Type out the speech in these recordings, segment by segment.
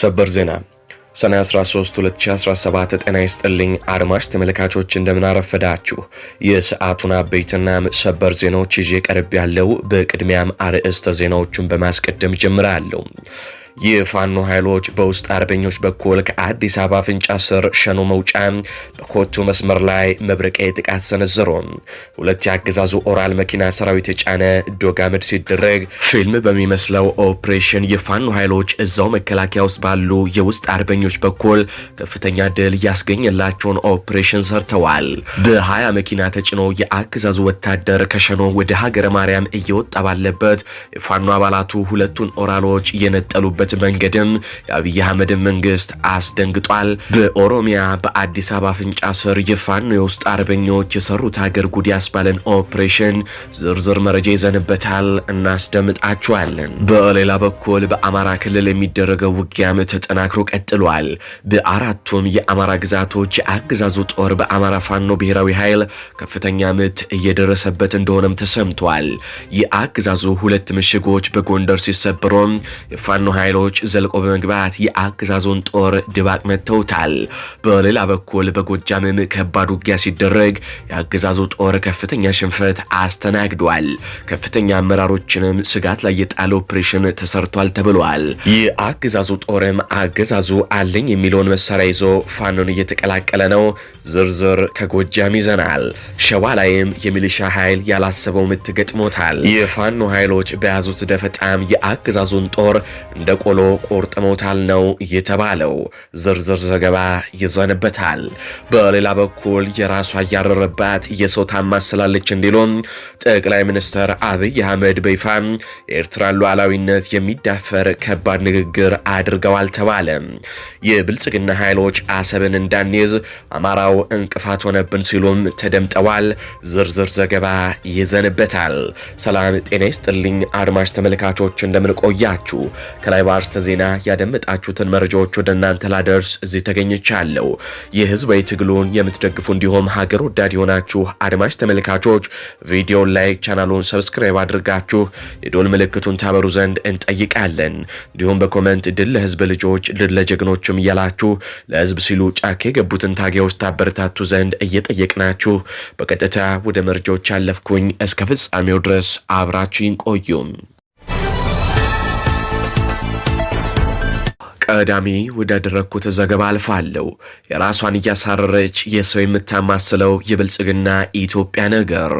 ሰበር ዜና ሰኔ 13 2017። ጤና ይስጥልኝ አድማጭ ተመልካቾች እንደምን አረፈዳችሁ። የሰዓቱን አበይትና ሰበር ዜናዎች ይዤ ቀርብ ያለው። በቅድሚያም አርዕስተ ዜናዎቹን በማስቀደም ጀምራለሁ። የፋኖ ኃይሎች በውስጥ አርበኞች በኩል ከአዲስ አበባ ፍንጫ ስር ሸኖ መውጫ በኮቱ መስመር ላይ መብረቃ ጥቃት ሰነዘሩ። ሁለት የአገዛዙ ኦራል መኪና ሰራዊት የጫነ ዶጋምድ ሲደረግ ፊልም በሚመስለው ኦፕሬሽን የፋኖ ኃይሎች እዛው መከላከያ ውስጥ ባሉ የውስጥ አርበኞች በኩል ከፍተኛ ድል ያስገኘላቸውን ኦፕሬሽን ሰርተዋል። በሀያ መኪና ተጭኖ የአገዛዙ ወታደር ከሸኖ ወደ ሀገረ ማርያም እየወጣ ባለበት የፋኖ አባላቱ ሁለቱን ኦራሎች የነጠሉበት የሄደበት መንገድም የአብይ አህመድን መንግስት አስደንግጧል። በኦሮሚያ በአዲስ አበባ አፍንጫ ስር የፋኖ የውስጥ አርበኞች የሰሩት ሀገር ጉድ ያስባለን ኦፕሬሽን ዝርዝር መረጃ ይዘንበታል፣ እናስደምጣችኋለን። በሌላ በኩል በአማራ ክልል የሚደረገው ውጊያም ተጠናክሮ ቀጥሏል። በአራቱም የአማራ ግዛቶች የአገዛዙ ጦር በአማራ ፋኖ ብሔራዊ ኃይል ከፍተኛ ምት እየደረሰበት እንደሆነም ተሰምቷል። የአገዛዙ ሁለት ምሽጎች በጎንደር ሲሰብሮም የፋኖ ኃይል ኃይሎች ዘልቆ በመግባት የአገዛዙን ጦር ድባቅ መትተውታል። በሌላ በኩል በጎጃምም ከባድ ውጊያ ሲደረግ የአገዛዙ ጦር ከፍተኛ ሽንፈት አስተናግዷል። ከፍተኛ አመራሮችንም ስጋት ላይ የጣለ ኦፕሬሽን ተሰርቷል ተብሏል። የአገዛዙ ጦርም አገዛዙ አለኝ የሚለውን መሳሪያ ይዞ ፋኖን እየተቀላቀለ ነው። ዝርዝር ከጎጃም ይዘናል። ሸዋ ላይም የሚሊሻ ኃይል ያላሰበው ምት ገጥሞታል። የፋኖ ኃይሎች በያዙት ደፈጣም የአገዛዙን ጦር እንደ ቆሎ ቆርጥመውታል ነው የተባለው። ዝርዝር ዘገባ ይዘንበታል። በሌላ በኩል የራሷ እያረረባት የሰው ታማት ስላለች እንዲሉም ጠቅላይ ሚኒስትር አብይ አህመድ በይፋ የኤርትራን ሉዓላዊነት የሚዳፈር ከባድ ንግግር አድርገዋል ተባለ። የብልጽግና ኃይሎች አሰብን እንዳንይዝ አማራው እንቅፋት ሆነብን ሲሉም ተደምጠዋል። ዝርዝር ዘገባ ይዘንበታል። ሰላም ጤና ይስጥልኝ አድማጭ ተመልካቾች እንደምንቆያችሁ ከላይ በአርስተ ዜና ያደመጣችሁትን መረጃዎች ወደ እናንተ ላደርስ እዚህ ተገኝቻለሁ። ይህ ትግሉን የምትደግፉ እንዲሁም ሀገር ወዳድ የሆናችሁ አድማጭ ተመልካቾች ቪዲዮን ላይ ቻናሉን ሰብስክራይብ አድርጋችሁ የዶል ምልክቱን ታበሩ ዘንድ እንጠይቃለን። እንዲሁም በኮመንት ድል ለህዝብ ልጆች፣ ድል ለጀግኖችም እያላችሁ ለህዝብ ሲሉ ጫካ የገቡትን ታጋዮች ታበረታቱ ዘንድ እየጠየቅናችሁ በቀጥታ ወደ መረጃዎች ያለፍኩኝ እስከ ፍጻሜው ድረስ አብራችሁ ቆዩም። ቀዳሚ ወዳደረግኩት ዘገባ አልፋለሁ። የራሷን እያሳረረች የሰው የምታማስለው የብልጽግና ኢትዮጵያ ነገር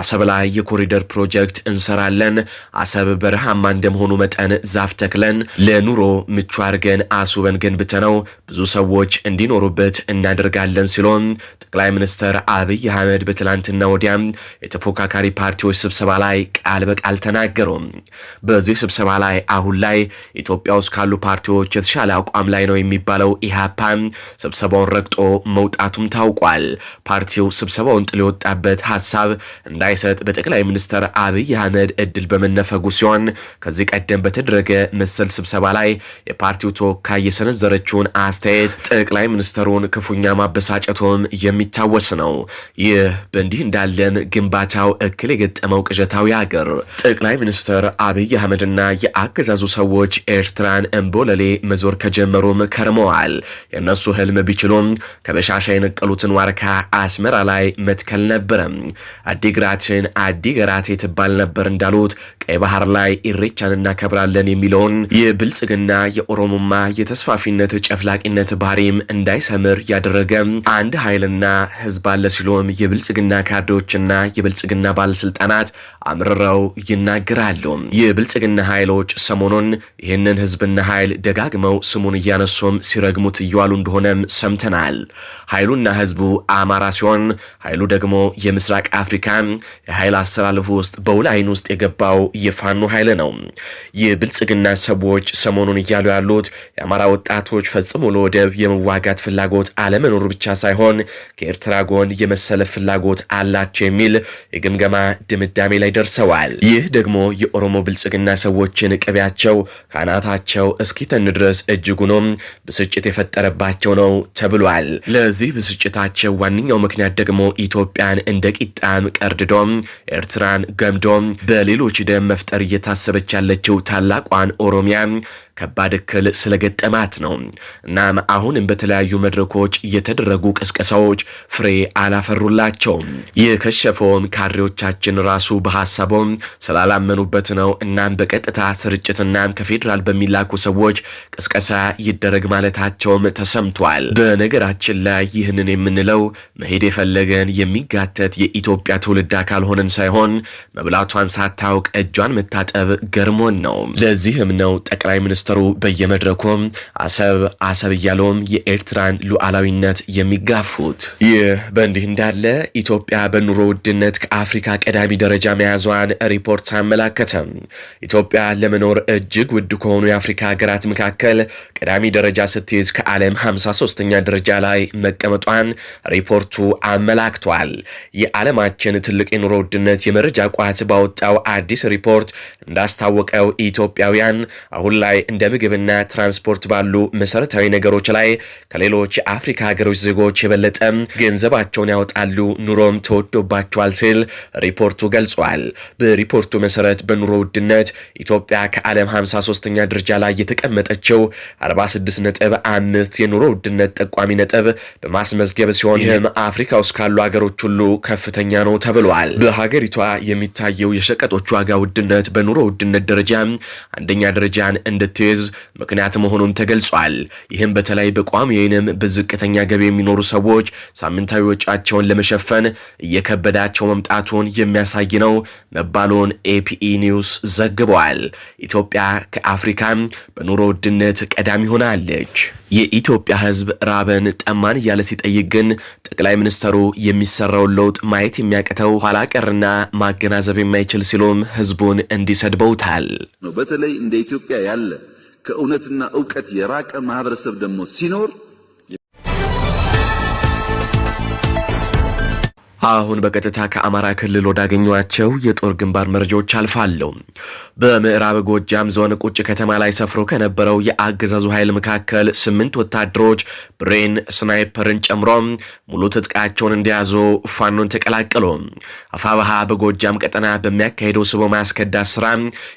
አሰብ ላይ የኮሪደር ፕሮጀክት እንሰራለን። አሰብ በረሃማ እንደመሆኑ መጠን ዛፍ ተክለን ለኑሮ ምቹ አድርገን አስውበን ገንብተነው ብዙ ሰዎች እንዲኖሩበት እናደርጋለን ሲሎም ጠቅላይ ሚኒስትር አብይ አህመድ በትላንትና ወዲያም የተፎካካሪ ፓርቲዎች ስብሰባ ላይ ቃል በቃል ተናገሩ። በዚህ ስብሰባ ላይ አሁን ላይ ኢትዮጵያ ውስጥ ካሉ ፓርቲዎች የተሻለ አቋም ላይ ነው የሚባለው ኢህአፓ ስብሰባውን ረግጦ መውጣቱም ታውቋል። ፓርቲው ስብሰባውን ጥሎ የወጣበት ሀሳብ እንዳይሰጥ በጠቅላይ ሚኒስትር አብይ አህመድ እድል በመነፈጉ ሲሆን ከዚህ ቀደም በተደረገ መሰል ስብሰባ ላይ የፓርቲው ተወካይ የሰነዘረችውን አስተያየት ጠቅላይ ሚኒስትሩን ክፉኛ ማበሳጨቱም የሚታወስ ነው። ይህ በእንዲህ እንዳለም ግንባታው እክል የገጠመው ቅዠታዊ አገር ጠቅላይ ሚኒስትር አብይ አህመድና የአገዛዙ ሰዎች ኤርትራን እምቦለሌ ዞር ከጀመሩም ከርመዋል። የእነሱ ህልም ቢችሉም ከበሻሻ የነቀሉትን ዋርካ አስመራ ላይ መትከል ነበረም። አዲግራትን አዲግራት የትባል ነበር እንዳሉት ቀይ ባህር ላይ ኢሬቻን እናከብራለን የሚለውን የብልጽግና የኦሮሞማ የተስፋፊነት ጨፍላቂነት ባህሪም እንዳይሰምር ያደረገ አንድ ኃይልና ህዝብ አለ ሲሉም የብልጽግና ካድሬዎችና የብልጽግና ባለስልጣናት አምርረው ይናገራሉ። የብልጽግና ኃይሎች ሰሞኑን ይህንን ህዝብና ኃይል ደጋግመው ነው ስሙን እያነሱም ሲረግሙት እየዋሉ እንደሆነም ሰምተናል። ኃይሉና ህዝቡ አማራ ሲሆን ኃይሉ ደግሞ የምስራቅ አፍሪካ የኃይል አሰላለፉ ውስጥ በውል አይን ውስጥ የገባው የፋኖ ኃይል ነው። የብልጽግና ሰዎች ሰሞኑን እያሉ ያሉት የአማራ ወጣቶች ፈጽሞ ለወደብ የመዋጋት ፍላጎት አለመኖሩ ብቻ ሳይሆን ከኤርትራ ጎን የመሰለፍ ፍላጎት አላቸው የሚል የግምገማ ድምዳሜ ላይ ደርሰዋል። ይህ ደግሞ የኦሮሞ ብልጽግና ሰዎችን ቅቤያቸው ከአናታቸው እስኪተን ድረስ እጅጉኑም ብስጭት የፈጠረባቸው ነው ተብሏል። ለዚህ ብስጭታቸው ዋነኛው ምክንያት ደግሞ ኢትዮጵያን እንደ ቂጣም ቀርድዶም ኤርትራን ገምዶም በሌሎች ደም መፍጠር እየታሰበች ያለችው ታላቋን ኦሮሚያ ከባድ እክል ስለገጠማት ነው። እናም አሁንም በተለያዩ መድረኮች የተደረጉ ቅስቀሳዎች ፍሬ አላፈሩላቸውም። የከሸፈውም ካድሬዎቻችን ራሱ በሀሳቡም ስላላመኑበት ነው። እናም በቀጥታ ስርጭትና ከፌዴራል በሚላኩ ሰዎች ቅስቀሳ ይደረግ ማለታቸውም ተሰምቷል። በነገራችን ላይ ይህንን የምንለው መሄድ የፈለገን የሚጋተት የኢትዮጵያ ትውልድ አካል ሆነን ሳይሆን መብላቷን ሳታውቅ እጇን መታጠብ ገርሞን ነው። ለዚህም ነው ጠቅላይ ሚኒስትር ሚኒስተሩ በየመድረኩም አሰብ አሰብ እያለውም የኤርትራን ሉዓላዊነት የሚጋፉት። ይህ በእንዲህ እንዳለ ኢትዮጵያ በኑሮ ውድነት ከአፍሪካ ቀዳሚ ደረጃ መያዟን ሪፖርት አመላከተም። ኢትዮጵያ ለመኖር እጅግ ውድ ከሆኑ የአፍሪካ ሀገራት መካከል ቀዳሚ ደረጃ ስትይዝ ከዓለም 53ኛ ደረጃ ላይ መቀመጧን ሪፖርቱ አመላክቷል። የዓለማችን ትልቅ የኑሮ ውድነት የመረጃ ቋት ባወጣው አዲስ ሪፖርት እንዳስታወቀው ኢትዮጵያውያን አሁን ላይ እንደ ምግብና ትራንስፖርት ባሉ መሰረታዊ ነገሮች ላይ ከሌሎች የአፍሪካ ሀገሮች ዜጎች የበለጠ ገንዘባቸውን ያወጣሉ፣ ኑሮም ተወዶባቸዋል ሲል ሪፖርቱ ገልጿል። በሪፖርቱ መሰረት በኑሮ ውድነት ኢትዮጵያ ከዓለም 53ኛ ደረጃ ላይ የተቀመጠችው 46 ነጥብ አምስት የኑሮ ውድነት ጠቋሚ ነጥብ በማስመዝገብ ሲሆን ይህም አፍሪካ ውስጥ ካሉ ሀገሮች ሁሉ ከፍተኛ ነው ተብሏል። በሀገሪቷ የሚታየው የሸቀጦች ዋጋ ውድነት በኑሮ ውድነት ደረጃ አንደኛ ደረጃን እንድት ፕራክቲስ ምክንያት መሆኑን ተገልጿል። ይህም በተለይ በቋሚ ወይንም በዝቅተኛ ገቢ የሚኖሩ ሰዎች ሳምንታዊ ወጫቸውን ለመሸፈን እየከበዳቸው መምጣቱን የሚያሳይ ነው መባሉን ኤፒኢ ኒውስ e ዘግቧል። ኢትዮጵያ ከአፍሪካም በኑሮ ውድነት ቀዳሚ ሆናለች። የኢትዮጵያ ሕዝብ ራበን ጠማን እያለ ሲጠይቅ ግን ጠቅላይ ሚኒስተሩ የሚሰራውን ለውጥ ማየት የሚያቅተው ኋላ ቀርና ማገናዘብ የማይችል ሲሉም ሕዝቡን እንዲሰድበውታል። በተለይ እንደ ኢትዮጵያ ያለ ከእውነትና እውቀት የራቀ ማህበረሰብ ደግሞ ሲኖር አሁን በቀጥታ ከአማራ ክልል ወዳገኟቸው የጦር ግንባር መረጃዎች አልፋለሁ። በምዕራብ ጎጃም ዞን ቁጭ ከተማ ላይ ሰፍሮ ከነበረው የአገዛዙ ኃይል መካከል ስምንት ወታደሮች ብሬን ስናይፐርን ጨምሮ ሙሉ ትጥቃቸውን እንዲያዙ ፋኖን ተቀላቀሉ። አፋባሃ በጎጃም ቀጠና በሚያካሄደው ስቦ ማስከዳ ስራ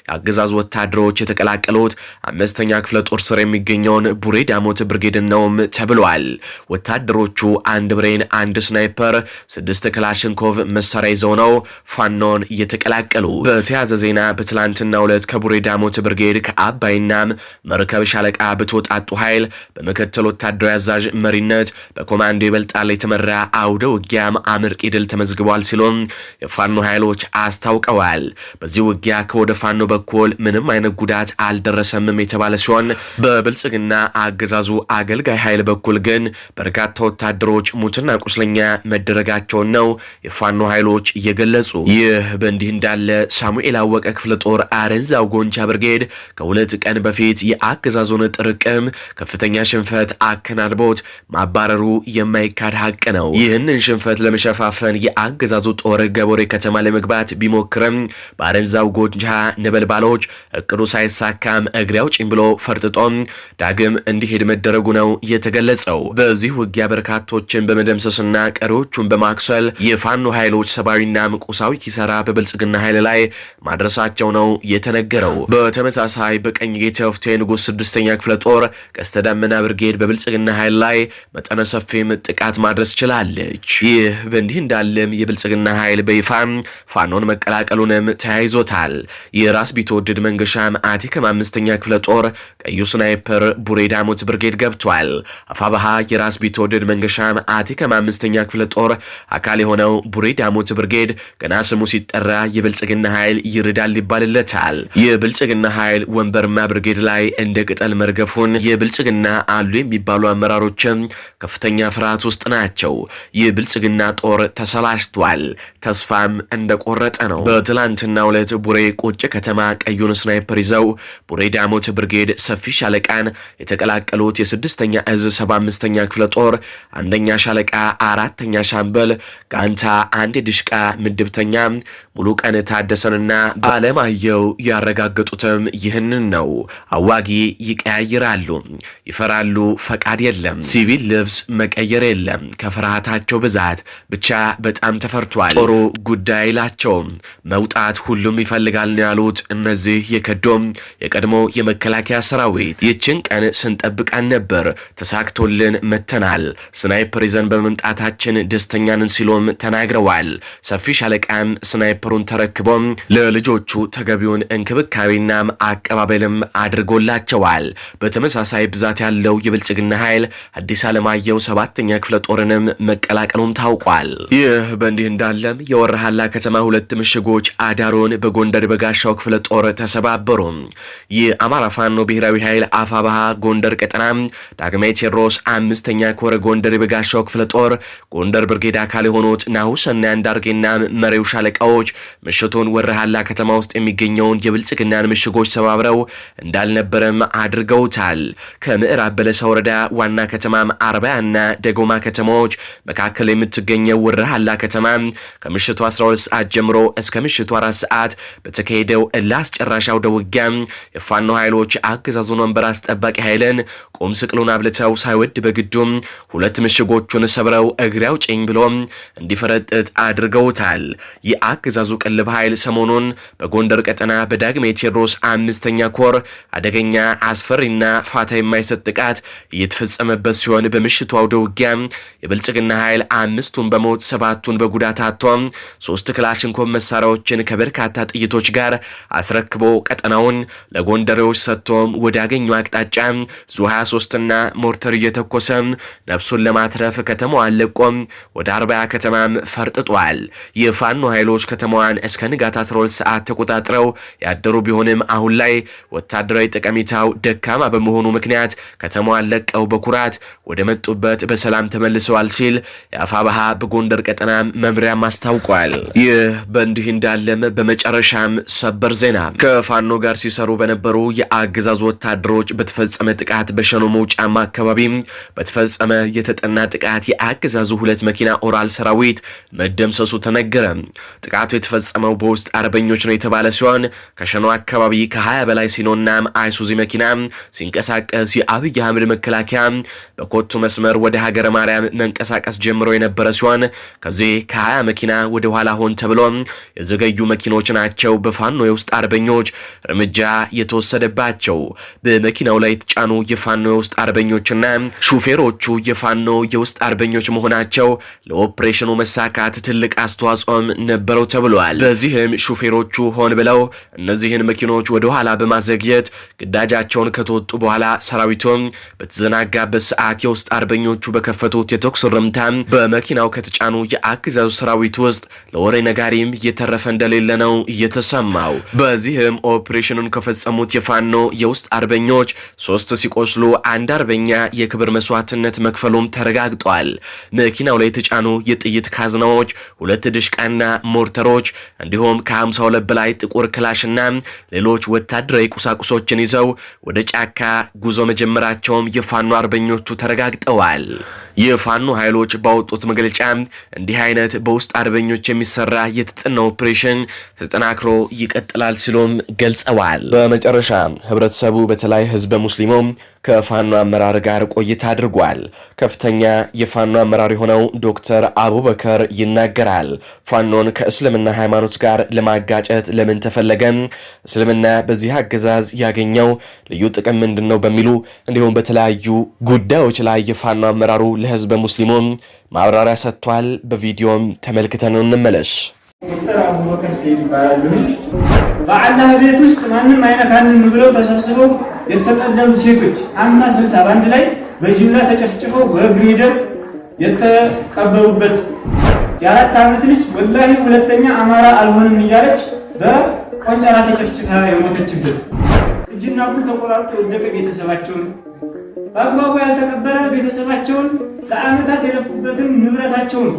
የአገዛዙ ወታደሮች የተቀላቀሉት አምስተኛ ክፍለ ጦር ስር የሚገኘውን ቡሬ ዳሞት ብርጌድን ነውም ተብሏል። ወታደሮቹ አንድ ብሬን፣ አንድ ስናይፐር፣ ስድስት ክላሽንኮቭ መሳሪያ ይዘው ነው ፋኖን እየተቀላቀሉ። በተያዘ ዜና በትላንትናው ዕለት ከቡሬ ዳሞት ብርጌድ ከአባይና መርከብ ሻለቃ በተወጣጡ ኃይል በምክትል ወታደራዊ አዛዥ መሪነት በኮማንዶ ይበልጣል የተመራ አውደ ውጊያም አመርቂ ድል ተመዝግቧል ሲሉም የፋኖ ኃይሎች አስታውቀዋል። በዚህ ውጊያ ከወደ ፋኖ በኩል ምንም አይነት ጉዳት አልደረሰምም የተባለ ሲሆን በብልጽግና አገዛዙ አገልጋይ ኃይል በኩል ግን በርካታ ወታደሮች ሙትና ቁስለኛ መደረጋቸውን ነው ነው የፋኖ ኃይሎች እየገለጹ ይህ በእንዲህ እንዳለ ሳሙኤል አወቀ ክፍለ ጦር አረንዛው ጎንቻ ብርጌድ ከሁለት ቀን በፊት የአገዛዙን ጥርቅም ከፍተኛ ሽንፈት አከናድቦት ማባረሩ የማይካድ ሀቅ ነው። ይህንን ሽንፈት ለመሸፋፈን የአገዛዙ ጦር ገቦሬ ከተማ ለመግባት ቢሞክርም በአረንዛው ጎንቻ ነበልባሎች እቅዱ ሳይሳካም እግሬ አውጪኝ ብሎ ፈርጥጦም ዳግም እንዲሄድ መደረጉ ነው የተገለጸው። በዚህ ውጊያ በርካቶችን በመደምሰስና ቀሪዎቹን በማክሰል የፋኖ ኃይሎች ሰብአዊና ምቁሳዊ ኪሰራ በብልጽግና ኃይል ላይ ማድረሳቸው ነው የተነገረው። በተመሳሳይ በቀኝ ወፍቴ ንጉስ ስድስተኛ ክፍለ ጦር ቀስተ ደመና ብርጌድ በብልጽግና ኃይል ላይ መጠነ ሰፊም ጥቃት ማድረስ ችላለች። ይህ በእንዲህ እንዳለም የብልጽግና ኃይል በይፋ ፋኖን መቀላቀሉንም ተያይዞታል። የራስ ቢትወደድ መንገሻም አቴ ከአምስተኛ ክፍለ ጦር ቀዩ ስናይፐር ቡሬ ዳሞት ብርጌድ ገብቷል። አፋባሃ የራስ ቢትወደድ መንገሻም አቴ ከአምስተኛ ክፍለ ጦር አካል የሆነው ቡሬ ዳሞት ብርጌድ ገና ስሙ ሲጠራ የብልጽግና ኃይል ይርዳል ይባልለታል። የብልጽግና ኃይል ወንበርማ ብርጌድ ላይ እንደ ቅጠል መርገፉን የብልጽግና አሉ የሚባሉ አመራሮችም ከፍተኛ ፍርሃት ውስጥ ናቸው። የብልጽግና ጦር ተሰላችቷል። ተስፋም እንደቆረጠ ነው። በትላንትና ሁለት ቡሬ ቁጭ ከተማ ቀዩን ስናይፐር ይዘው ቡሬ ዳሞት ብርጌድ ሰፊ ሻለቃን የተቀላቀሉት የስድስተኛ እዝ ሰባ አምስተኛ ክፍለ ጦር አንደኛ ሻለቃ አራተኛ ሻምበል ጋንታ አንድ ድሽቃ ምድብተኛ ቀን ታደሰንና በአለማየሁ ያረጋገጡትም ይህንን ነው። አዋጊ ይቀያይራሉ፣ ይፈራሉ፣ ፈቃድ የለም፣ ሲቪል ልብስ መቀየር የለም። ከፍርሃታቸው ብዛት ብቻ በጣም ተፈርቷል። ጦሩ ጉዳይ አይላቸውም። መውጣት ሁሉም ይፈልጋል ነው ያሉት እነዚህ የከዶም የቀድሞ የመከላከያ ሰራዊት። ይችን ቀን ስንጠብቃን ነበር፣ ተሳክቶልን መተናል። ስናይፐር ይዘን በመምጣታችን ደስተኛንን ሲሉ ሲሉም ተናግረዋል። ሰፊ ሻለቃም ስናይፐሩን ተረክቦም ለልጆቹ ተገቢውን እንክብካቤና አቀባበልም አድርጎላቸዋል። በተመሳሳይ ብዛት ያለው የብልጽግና ኃይል አዲስ አለማየሁ ሰባተኛ ክፍለ ጦርንም መቀላቀሉም ታውቋል። ይህ በእንዲህ እንዳለም የወረሃላ ከተማ ሁለት ምሽጎች አዳሮን በጎንደር በጋሻው ክፍለ ጦር ተሰባበሩ። የአማራ ፋኖ ብሔራዊ ኃይል አፋባሃ ጎንደር ቀጠና ዳግማዊ ቴዎድሮስ አምስተኛ ኮረ ጎንደር በጋሻው ክፍለ ጦር ጎንደር ብርጌድ አካል የሆኑ የሆኑት ናሁሰናይ አንዳርጌና መሪው ሻለቃዎች ምሽቱን ወረሃላ ከተማ ውስጥ የሚገኘውን የብልጽግናን ምሽጎች ሰባብረው እንዳልነበረም አድርገውታል። ከምዕራብ በለሳ ወረዳ ዋና ከተማም አርባያና ደጎማ ከተማዎች መካከል የምትገኘው ወረሃላ ከተማ ከምሽቱ 12 ሰዓት ጀምሮ እስከ ምሽቱ 4 ሰዓት በተካሄደው ላስጨራሽ አውደ ውጊያ የፋኖ ኃይሎች አገዛዙን ወንበር አስጠባቂ ኃይልን ቁም ስቅሉን አብልተው ሳይወድ በግዱም ሁለት ምሽጎቹን ሰብረው እግሬ አውጪኝ ብሎም እንዲፈረጥጥ አድርገውታል። የአገዛዙ ቅልብ ኃይል ሰሞኑን በጎንደር ቀጠና በዳግም ቴዎድሮስ አምስተኛ ኮር አደገኛ አስፈሪና ፋታ የማይሰጥ ጥቃት እየተፈጸመበት ሲሆን በምሽቱ አውደ ውጊያ የብልጽግና ኃይል አምስቱን በሞት ሰባቱን በጉዳት አጥቶ ሶስት ክላሽንኮቭ መሳሪያዎችን ከበርካታ ጥይቶች ጋር አስረክቦ ቀጠናውን ለጎንደሬዎች ሰጥቶም አገኙ አቅጣጫ ዙ 23ና ሞርተር እየተኮሰ ነፍሱን ለማትረፍ ከተማዋን ለቆም ወደ አርባያ ከተማም ፈርጥጧል። የፋኖ ኃይሎች ከተማዋን እስከ ንጋት 12 ሰዓት ተቆጣጥረው ያደሩ ቢሆንም አሁን ላይ ወታደራዊ ጠቀሜታው ደካማ በመሆኑ ምክንያት ከተማዋን ለቀው በኩራት ወደ መጡበት በሰላም ተመልሰዋል ሲል የአፋባሃ በጎንደር ቀጠናም መምሪያም አስታውቋል። ይህ በእንዲህ እንዳለም በመጨረሻም ሰበር ዜና ከፋኖ ጋር ሲሰሩ በነበሩ የአገዛዙ ወታደሮች በተፈጸመ ጥቃት በሸኖ መውጫማ አካባቢ በተፈጸመ የተጠና ጥቃት የአገዛዙ ሁለት መኪና ኦራል ሰራ ሰራዊት መደምሰሱ ተነገረ። ጥቃቱ የተፈጸመው በውስጥ አርበኞች ነው የተባለ ሲሆን ከሸኖ አካባቢ ከ20 በላይ ሲኖና አይሱዚ መኪና ሲንቀሳቀስ የአብይ አህመድ መከላከያ በኮቱ መስመር ወደ ሀገረ ማርያም መንቀሳቀስ ጀምሮ የነበረ ሲሆን ከዚህ ከ20 መኪና ወደ ኋላ ሆን ተብሎ የዘገዩ መኪኖች ናቸው በፋኖ የውስጥ አርበኞች እርምጃ የተወሰደባቸው። በመኪናው ላይ የተጫኑ የፋኖ የውስጥ አርበኞችና ሹፌሮቹ የፋኖ የውስጥ አርበኞች መሆናቸው ለኦፕሬሽን የኦፕሬሽኑ መሳካት ትልቅ አስተዋጽኦም ነበረው ተብሏል። በዚህም ሹፌሮቹ ሆን ብለው እነዚህን መኪኖች ወደ ኋላ በማዘግየት ግዳጃቸውን ከተወጡ በኋላ ሰራዊቱም በተዘናጋበት ሰዓት የውስጥ አርበኞቹ በከፈቱት የተኩስ ርምታ በመኪናው ከተጫኑ የአገዛዙ ሰራዊት ውስጥ ለወሬ ነጋሪም እየተረፈ እንደሌለ ነው እየተሰማው። በዚህም ኦፕሬሽኑን ከፈጸሙት የፋኖ የውስጥ አርበኞች ሶስት ሲቆስሉ አንድ አርበኛ የክብር መስዋዕትነት መክፈሉም ተረጋግጧል። መኪናው ላይ የተጫኑ የጥ የጥይት ካዝናዎች፣ ሁለት ድሽቃና ሞርተሮች እንዲሁም ከ52 በላይ ጥቁር ክላሽና ሌሎች ወታደራዊ ቁሳቁሶችን ይዘው ወደ ጫካ ጉዞ መጀመራቸውም የፋኖ አርበኞቹ ተረጋግጠዋል። የፋኖ ኃይሎች ባወጡት መግለጫ እንዲህ አይነት በውስጥ አርበኞች የሚሰራ የተጠና ኦፕሬሽን ተጠናክሮ ይቀጥላል ሲሉም ገልጸዋል። በመጨረሻ ህብረተሰቡ በተለይ ህዝበ ሙስሊሞ ከፋኖ አመራር ጋር ቆይታ አድርጓል። ከፍተኛ የፋኖ አመራር የሆነው ዶክተር አቡበከር ይናገራል። ፋኖን ከእስልምና ሃይማኖት ጋር ለማጋጨት ለምን ተፈለገም? እስልምና በዚህ አገዛዝ ያገኘው ልዩ ጥቅም ምንድን ነው? በሚሉ እንዲሁም በተለያዩ ጉዳዮች ላይ የፋኖ አመራሩ ለህዝበ ሙስሊሙም ማብራሪያ ሰጥቷል። በቪዲዮም ተመልክተን እንመለስ። ዶክተር አቡበከር ሴ ይባላሉ። በአላህ ቤት ውስጥ ማንም አይነካንም ብለው ተሰብስበው የተቀደሙ ሴቶች 50 60 በአንድ ላይ በጅምላ ተጨፍጭፈው በእግር ሂደር የተቀበሩበት የአራት ዓመት ልጅ ወላሂ ሁለተኛ አማራ አልሆንም እያለች በቆንጨራ ተጨፍጭፋ የሞተችበት እጅና እግሩ ተቆራርጦ የወደቀ ቤተሰባቸውን በአግባቡ ያልተቀበረ ቤተሰባቸውን ለአመታት የለፉበትን ንብረታቸውን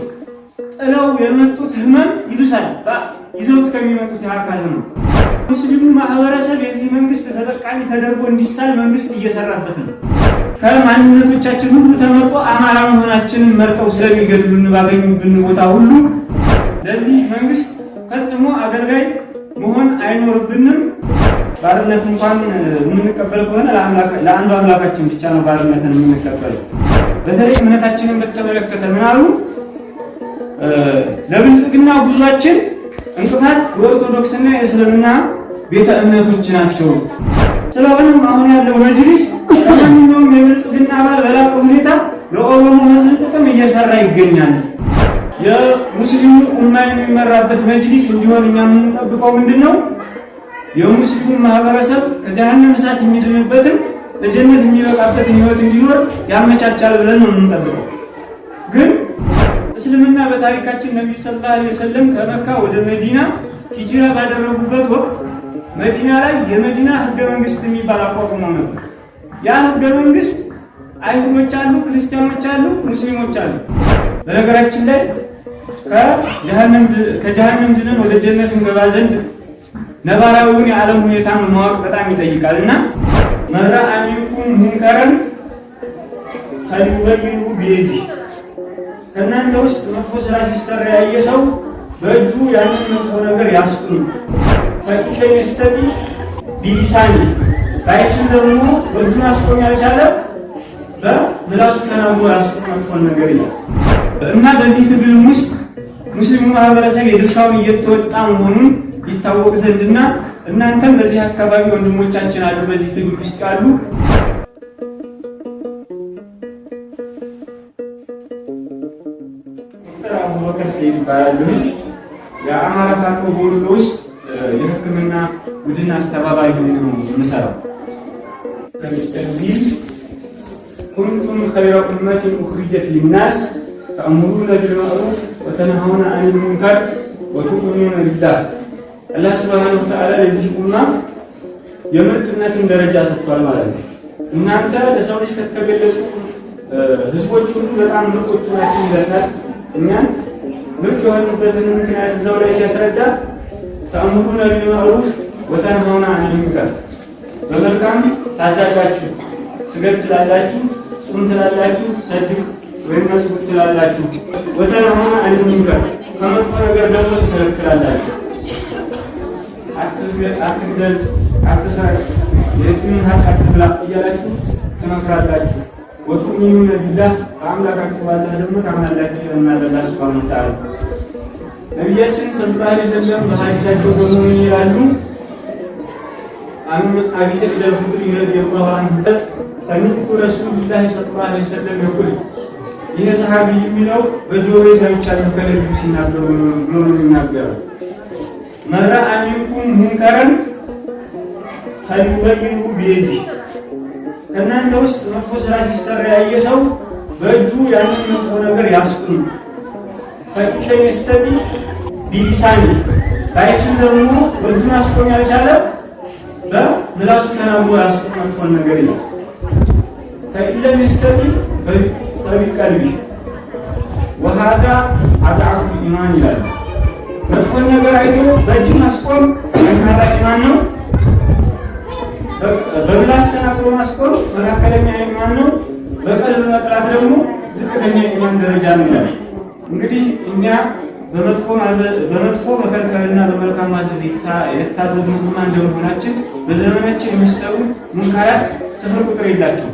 ጥለው የመጡት ህመም ይብሳል ይዘውት ከሚመጡት የአካል ህመም። ሙስሊሙ ማህበረሰብ የዚህ መንግስት ተጠቃሚ ተደርጎ እንዲሳል መንግስት እየሰራበት ነው። ከማንነቶቻችን ሁሉ ተመርጦ አማራ መሆናችንን መርጠው ስለሚገድሉን ባገኙብን ቦታ ሁሉ ለዚህ መንግስት ፈጽሞ አገልጋይ መሆን አይኖርብንም። ባርነት እንኳን የምንቀበል ከሆነ ለአንዱ አምላካችን ብቻ ነው ባርነትን የምንቀበል። በተለይ እምነታችንን በተመለከተ ምን ለብልጽግና ጉዟችን እንቅፋት የኦርቶዶክስና የእስልምና ቤተ እምነቶች ናቸው። ስለሆነም አሁን ያለው መጅሊስ ከማንኛውም የብልጽግና አባል በላቀ ሁኔታ ለኦሮሞ ሕዝብ ጥቅም እየሰራ ይገኛል። የሙስሊሙ ኡማ የሚመራበት መጅሊስ እንዲሆን እኛ የምንጠብቀው ምንድን ነው? የሙስሊሙ ማህበረሰብ ከጀሃነም እሳት የሚድንበትን በጀነት የሚበቃበትን ህይወት እንዲኖር ያመቻቻል ብለን ነው የምንጠብቀው ግን እስልምና በታሪካችን ነቢዩ ሰለላሁ ዐለይሂ ወሰለም ከመካ ወደ መዲና ሂጅራ ባደረጉበት ወቅት መዲና ላይ የመዲና ህገ መንግስት የሚባል አቋቁመው ነበር። ያ ህገ መንግስት አይሁዶች አሉ፣ ክርስቲያኖች አሉ፣ ሙስሊሞች አሉ። በነገራችን ላይ ከጀሃነም ድነን ወደ ጀነት እንገባ ዘንድ ነባራዊውን የዓለም ሁኔታ ማወቅ በጣም ይጠይቃል እና መራ አሚንኩም ሙንከረን ፈልዩበይኑ ቢየዲህ ከእናንተ ውስጥ መጥፎ ስራ ሲሰራ ያየ ሰው በእጁ ያንን መጥፎ ነገር ያስቁም። ፈቂደ ሚስተቲ ቢሊሳኒ ባይችን ደግሞ በእጁን አስቆም ያልቻለ በምላሱ ተናግሮ ያስቁም መጥፎን ነገር ይላል እና በዚህ ትግል ውስጥ ሙስሊሙ ማህበረሰብ የድርሻውን እየተወጣ መሆኑን ይታወቅ ዘንድና እናንተም በዚህ አካባቢ ወንድሞቻችን አሉ፣ በዚህ ትግል ውስጥ ያሉ ይባላሉ። የአማራ ፋርኮ በወሎ ውስጥ የሕክምና ቡድን አስተባባሪ ሆኜ ነው የምሰራው። ኩንቱም ኸይረ ኡመትን ኡኽሪጀት ሊናስ ተእሙሩነ ቢልመዕሩፍ ወተነሃውነ አኒል ሙንከር ወቱእሚኑነ ቢላህ። አላህ ሱብሓነሁ ወተዓላ ለዚህ ኡማ የምርጥነትን ደረጃ ሰጥቷል ማለት ነው። እናንተ ለሰው ልጅ ከተገለጹ ህዝቦች ሁሉ በጣም ምርጦቹ ናችሁ ይለናል እኛን ምቹ የሆኑበትን ምክንያት እዛው ላይ ሲያስረዳ ተአምሩነ ቢልመዕሩፍ ወተንሃውነ ዐኒል በመልካም ታዛላችሁ፣ ስገድ ትላላችሁ፣ ጹም ትላላችሁ፣ ሰድቅ ወይም መስጉድ ትላላችሁ። ወተንሃውነ ዐኒል ሙንከር ከመጥፎ ነገር ደግሞ ትከለክላላችሁ። አትግደል፣ አትስረቅ፣ የቲምን ሀቅ አትብላ እያላችሁ ትመክራላችሁ። ወቱሚኑነ ቢላህ ከአምላካችሁ ባላ ደግሞ ከአምላካችሁ የምናደላ ስብሃነ ወተዓላ ነቢያችን ሰለላሁ ዐለይሂ ወሰለም በሐዲሳቸው ደግሞ ምን ይላሉ? አን አቢ ሰዒድ ይረድ ረዲየላሁ ሰሚዕቱ ረሱለላህ ሰለላሁ ዐለይሂ ወሰለም የቁል የሚለው በጆሮዬ ሰምቻለሁ ከነቢዩ ሲናገሩ ብሎ ነው የሚናገረው። መን ረአ ሙንከረን ቢየዲህ እናንተ ውስጥ መጥፎ ስራ ሲሰራ ያየ ሰው በእጁ ያንን መጥፎ ነገር ያስቁም። ከፊት ለሚስተቲ ቢሊሳኒ ባይችን ደግሞ በእጁን አስቆም ያልቻለ በምላሱ ተናቦ ያስቁም መጥፎን ነገር ይላል። ከፊት ለሚስተቲ በጠቢ ቀልቢ ወሃዳ አድዓፉ ኢማን ይላል። መጥፎን ነገር አይቶ በእጅ ማስቆም ጠንካራ ኢማን ነው። በምላስ ተናግሮ ማስቆር መካከለኛ ኢማን ነው። በቀልብ መጥራት ደግሞ ዝቅተኛ ኢማን ደረጃ ነው ያለ። እንግዲህ እኛ በመጥፎ በመጥፎ መከልከልና በመልካም ማዘዝ የታዘዝ ሁሉ እንደመሆናችን በዘመናችን የሚሰሩ ሙንካራት ስፍር ቁጥር የላቸው።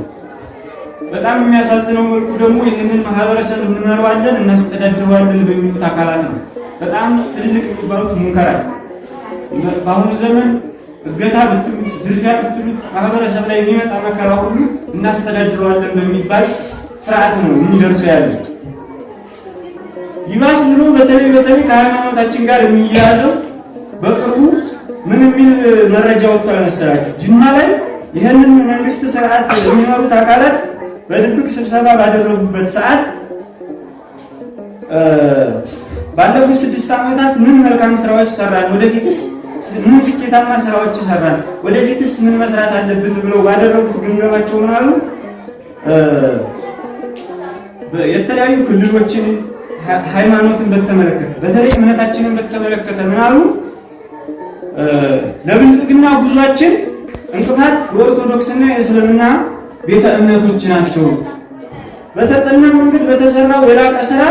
በጣም የሚያሳዝነው መልኩ ደግሞ ይህንን ማህበረሰብ እንመረዋለን እናስተዳድረዋለን በሚሉት አካላት ነው። በጣም ትልቅ የሚባሉት ሙንከራት በአሁኑ ዘመን እገታ ብትሉት ዝርፊያ ብትሉት ማህበረሰብ ላይ የሚመጣ መከራ ሁሉ እናስተዳድረዋለን በሚባል ስርዓት ነው የሚደርሰው ያለ። ይባስ ብሎ በተለይ በተለይ ከሃይማኖታችን ጋር የሚያያዘው በቅርቡ ምን የሚል መረጃ ወጥቶ መሰላችሁ? ጅማ ላይ ይህንን መንግስት ስርዓት የሚመሩት አካላት በድብቅ ስብሰባ ባደረጉበት ሰዓት ባለፉት ስድስት ዓመታት ምን መልካም ስራዎች ሰራን፣ ወደፊትስ ምን ስኬታማ ስራዎች ይሰራል፣ ወደፊትስ ምን መስራት አለብን ብለው ባደረጉት ግምገማቸው ምን አሉ? የተለያዩ ክልሎችን ሃይማኖትን በተመለከተ በተለይ እምነታችንን በተመለከተ ምን አሉ? ለብልጽግና ጉዟችን እንቅፋት የኦርቶዶክስና የእስልምና ቤተ እምነቶች ናቸው። በተጠና መንገድ በተሰራው የላቀ ስራ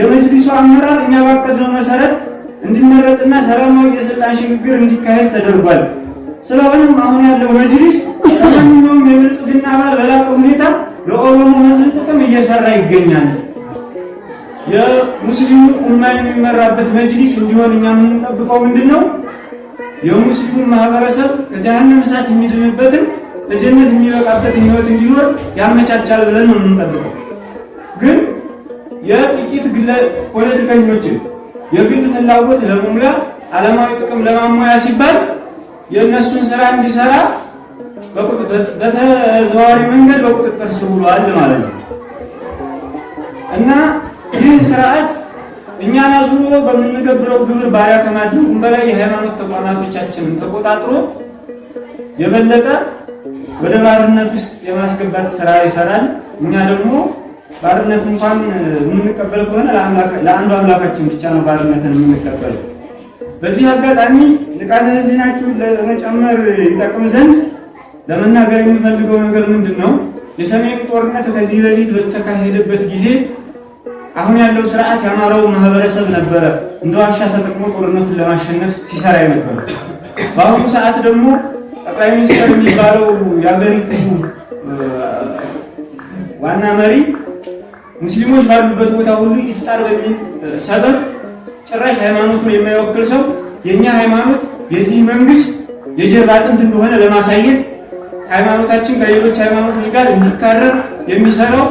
የመጅሊሱ አመራር እኛ ባቀድነው መሰረት እንዲመረጥና ሰላማዊ የስልጣን ሽግግር እንዲካሄድ ተደርጓል። ስለሆነም አሁን ያለው መጅሊስ ከማንኛውም የብልጽግና አባል በላቀ ሁኔታ ለኦሮሞ ሕዝብ ጥቅም እየሰራ ይገኛል። የሙስሊሙ ኡማ የሚመራበት መጅሊስ እንዲሆን እኛ የምንጠብቀው ምንድን ነው? የሙስሊሙ ማህበረሰብ ከጀሃነም እሳት የሚድንበትን ለጀነት የሚበቃበት ህይወት እንዲኖር ያመቻቻል ብለን ነው የምንጠብቀው። ግን የጥቂት ግለ ፖለቲከኞችን የግል ፍላጎት ለመሙላት ዓለማዊ ጥቅም ለማሟያ ሲባል የእነሱን ስራ እንዲሰራ በተዘዋዋሪ መንገድ በቁጥጥር ስር ውሏል ማለት ነው እና ይህ ስርዓት እኛን አዙሮ በምንገብረው ግብር ባሪያ ከማድረጉም በላይ የሃይማኖት ተቋማቶቻችንን ተቆጣጥሮ የበለጠ ወደ ባርነት ውስጥ የማስገባት ስራ ይሰራል። እኛ ደግሞ ባርነት እንኳን የምንቀበል ከሆነ ለአንዱ አምላካችን ብቻ ነው ባርነትን የምንቀበለው። በዚህ አጋጣሚ ንቃተ ህሊናችሁን ለመጨመር ይጠቅም ዘንድ ለመናገር የሚፈልገው ነገር ምንድን ነው? የሰሜኑ ጦርነት ከዚህ በፊት በተካሄደበት ጊዜ አሁን ያለው ስርዓት ያማረው ማህበረሰብ ነበረ እንደ ዋሻ ተጠቅሞ ጦርነቱን ለማሸነፍ ሲሰራ የነበረ። በአሁኑ ሰዓት ደግሞ ጠቅላይ ሚኒስትር የሚባለው የአገሪቱ ዋና መሪ ሙስሊሞች ባሉበት ቦታ ሁሉ ኢፍጣር በሚል ሰበብ ጭራሽ ሃይማኖቱን የማይወክል ሰው የኛ ሃይማኖት የዚህ መንግስት የጀርባ አጥንት እንደሆነ ለማሳየት ሃይማኖታችን ከሌሎች ሃይማኖቶች ጋር እንዲካረር የሚሰራው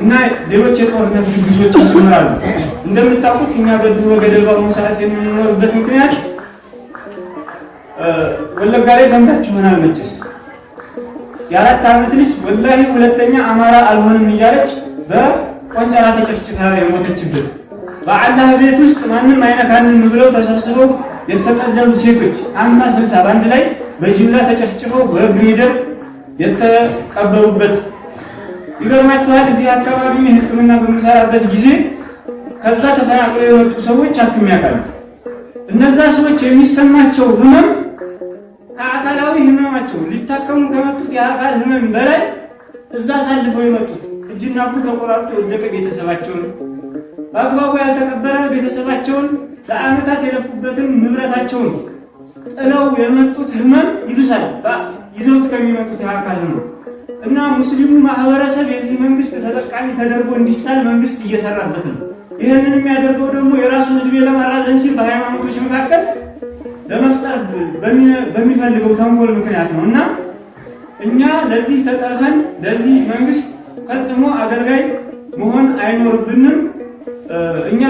እና ሌሎች የጦርነት ድግሶች ይጀምራሉ። እንደምታውቁት እኛ በድሮ ገደል በአሁኑ ሰዓት የምንኖርበት ምክንያት ወለጋ ላይ ይሆናል መቼስ የአራት ዓመት ልጅ ወላሂ ሁለተኛ አማራ አልሆንም እያለች በቆንጨራ ተጨፍጭፋ የሞተችበት በአላህ ቤት ውስጥ ማንም አይነካንም ብለው ተሰብስበው የተጠለሉ ሴቶች አምሳ ስልሳ በአንድ ላይ በጅምላ ተጨፍጭፈው በእግር ሂደር የተቀበሩበት። ይገርማችኋል፣ እዚህ አካባቢ ሕክምና በምሰራበት ጊዜ ከዛ ተፈናቅለው የወጡ ሰዎች አክም ያውቃሉ። እነዛ ሰዎች የሚሰማቸው ህመም ከአካላዊ ህመማቸው ሊታከሙ ከመጡት የአካል ህመም በላይ እዛ አሳልፈው የመጡት እጅና እግሩ ተቆራርጦ የወደቀ ቤተሰባቸውን በአግባቡ ያልተቀበረ ቤተሰባቸውን ለአመታት የለፉበትን ንብረታቸውን ጥለው የመጡት ህመም ይብሳል ይዘውት ከሚመጡት አካል ነው እና ሙስሊሙ ማህበረሰብ የዚህ መንግስት ተጠቃሚ ተደርጎ እንዲሳል መንግስት እየሰራበት ነው። ይህንን የሚያደርገው ደግሞ የራሱን እድሜ ለማራዘም ሲል በሃይማኖቶች መካከል ለመፍጠር በሚፈልገው ተንኮል ምክንያት ነው እና እኛ ለዚህ ተጠርተን ለዚህ መንግስት ፈጽሞ አገልጋይ መሆን አይኖርብንም። እኛ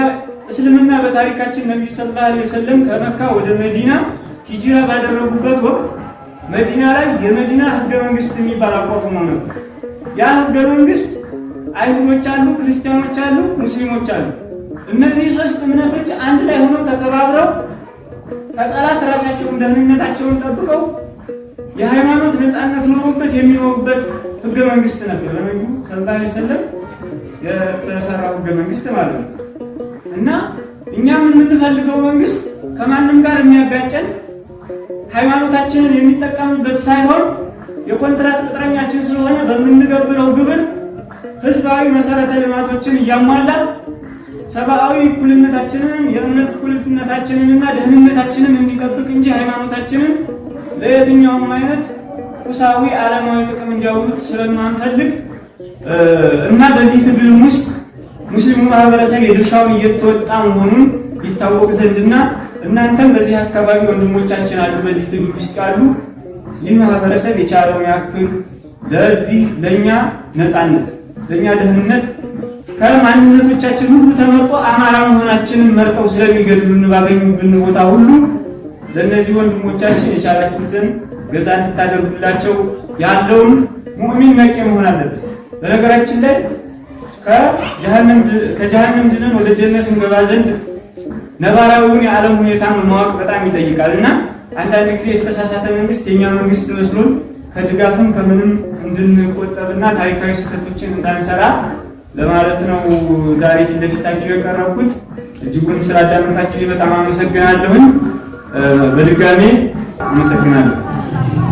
እስልምና በታሪካችን ነቢዩ ሰለላሁ ዐለይሂ ወሰለም ከመካ ወደ መዲና ሂጅራ ባደረጉበት ወቅት መዲና ላይ የመዲና ህገ መንግስት የሚባል አቋቁሞ ነበር። ያ ህገ መንግስት አይሁዶች አሉ፣ ክርስቲያኖች አሉ፣ ሙስሊሞች አሉ። እነዚህ ሶስት እምነቶች አንድ ላይ ሆነው ተጠባብረው ከጠላት ራሳቸውን ደህንነታቸውን ጠብቀው የሃይማኖት ነፃነት ኖሮበት የሚኖሩበት ህገ መንግስት ነበር ለነቢዩ ሰለላሁ ዐለይሂ ወሰለም የተሰራው ህገ መንግስት ማለት ነው። እና እኛ የምንፈልገው መንግስት ከማንም ጋር የሚያጋጨን ሃይማኖታችንን የሚጠቀምበት ሳይሆን የኮንትራት ቅጥረኛችን ስለሆነ በምንገብረው ግብር ህዝባዊ መሰረተ ልማቶችን እያሟላ ሰብአዊ እኩልነታችንን የእምነት እኩልነታችንንና ደህንነታችንን እንዲጠብቅ እንጂ ሃይማኖታችንን ለየትኛውም አይነት ቁሳዊ ዓለማዊ ጥቅም እንዲያውሉት ስለማንፈልግ እና በዚህ ትግል ውስጥ ሙስሊሙ ማህበረሰብ የድርሻውን እየተወጣ መሆኑን ይታወቅ ዘንድና እናንተም በዚህ አካባቢ ወንድሞቻችን አሉ፣ በዚህ ትግል ውስጥ ያሉ ይህ ማህበረሰብ የቻለውን ያክል ለዚህ ለእኛ ነፃነት፣ ለእኛ ደህንነት ከማንነቶቻችን ሁሉ ተመርጦ አማራ መሆናችንን መርጠው ስለሚገድሉን ባገኙብን ቦታ ሁሉ ለእነዚህ ወንድሞቻችን የቻላችሁትን ገዛ እንድታደርጉላቸው ያለውን ሙእሚን ነቂ መሆን አለበት። በነገራችን ላይ ከጀሃነም ድነን ወደ ጀነት እንገባ ዘንድ ነባራዊውን የዓለም ሁኔታ ማወቅ በጣም ይጠይቃል እና አንዳንድ ጊዜ የተሳሳተ መንግስት የኛ መንግስት መስሎን ከድጋፍም ከምንም እንድንቆጠብና ታሪካዊ ስህተቶችን እንዳንሰራ ለማለት ነው ዛሬ ፊት ለፊታችሁ የቀረብኩት። እጅጉን ስላዳመጣችሁ በጣም አመሰግናለሁኝ። በድጋሜ አመሰግናለሁ። Thank you.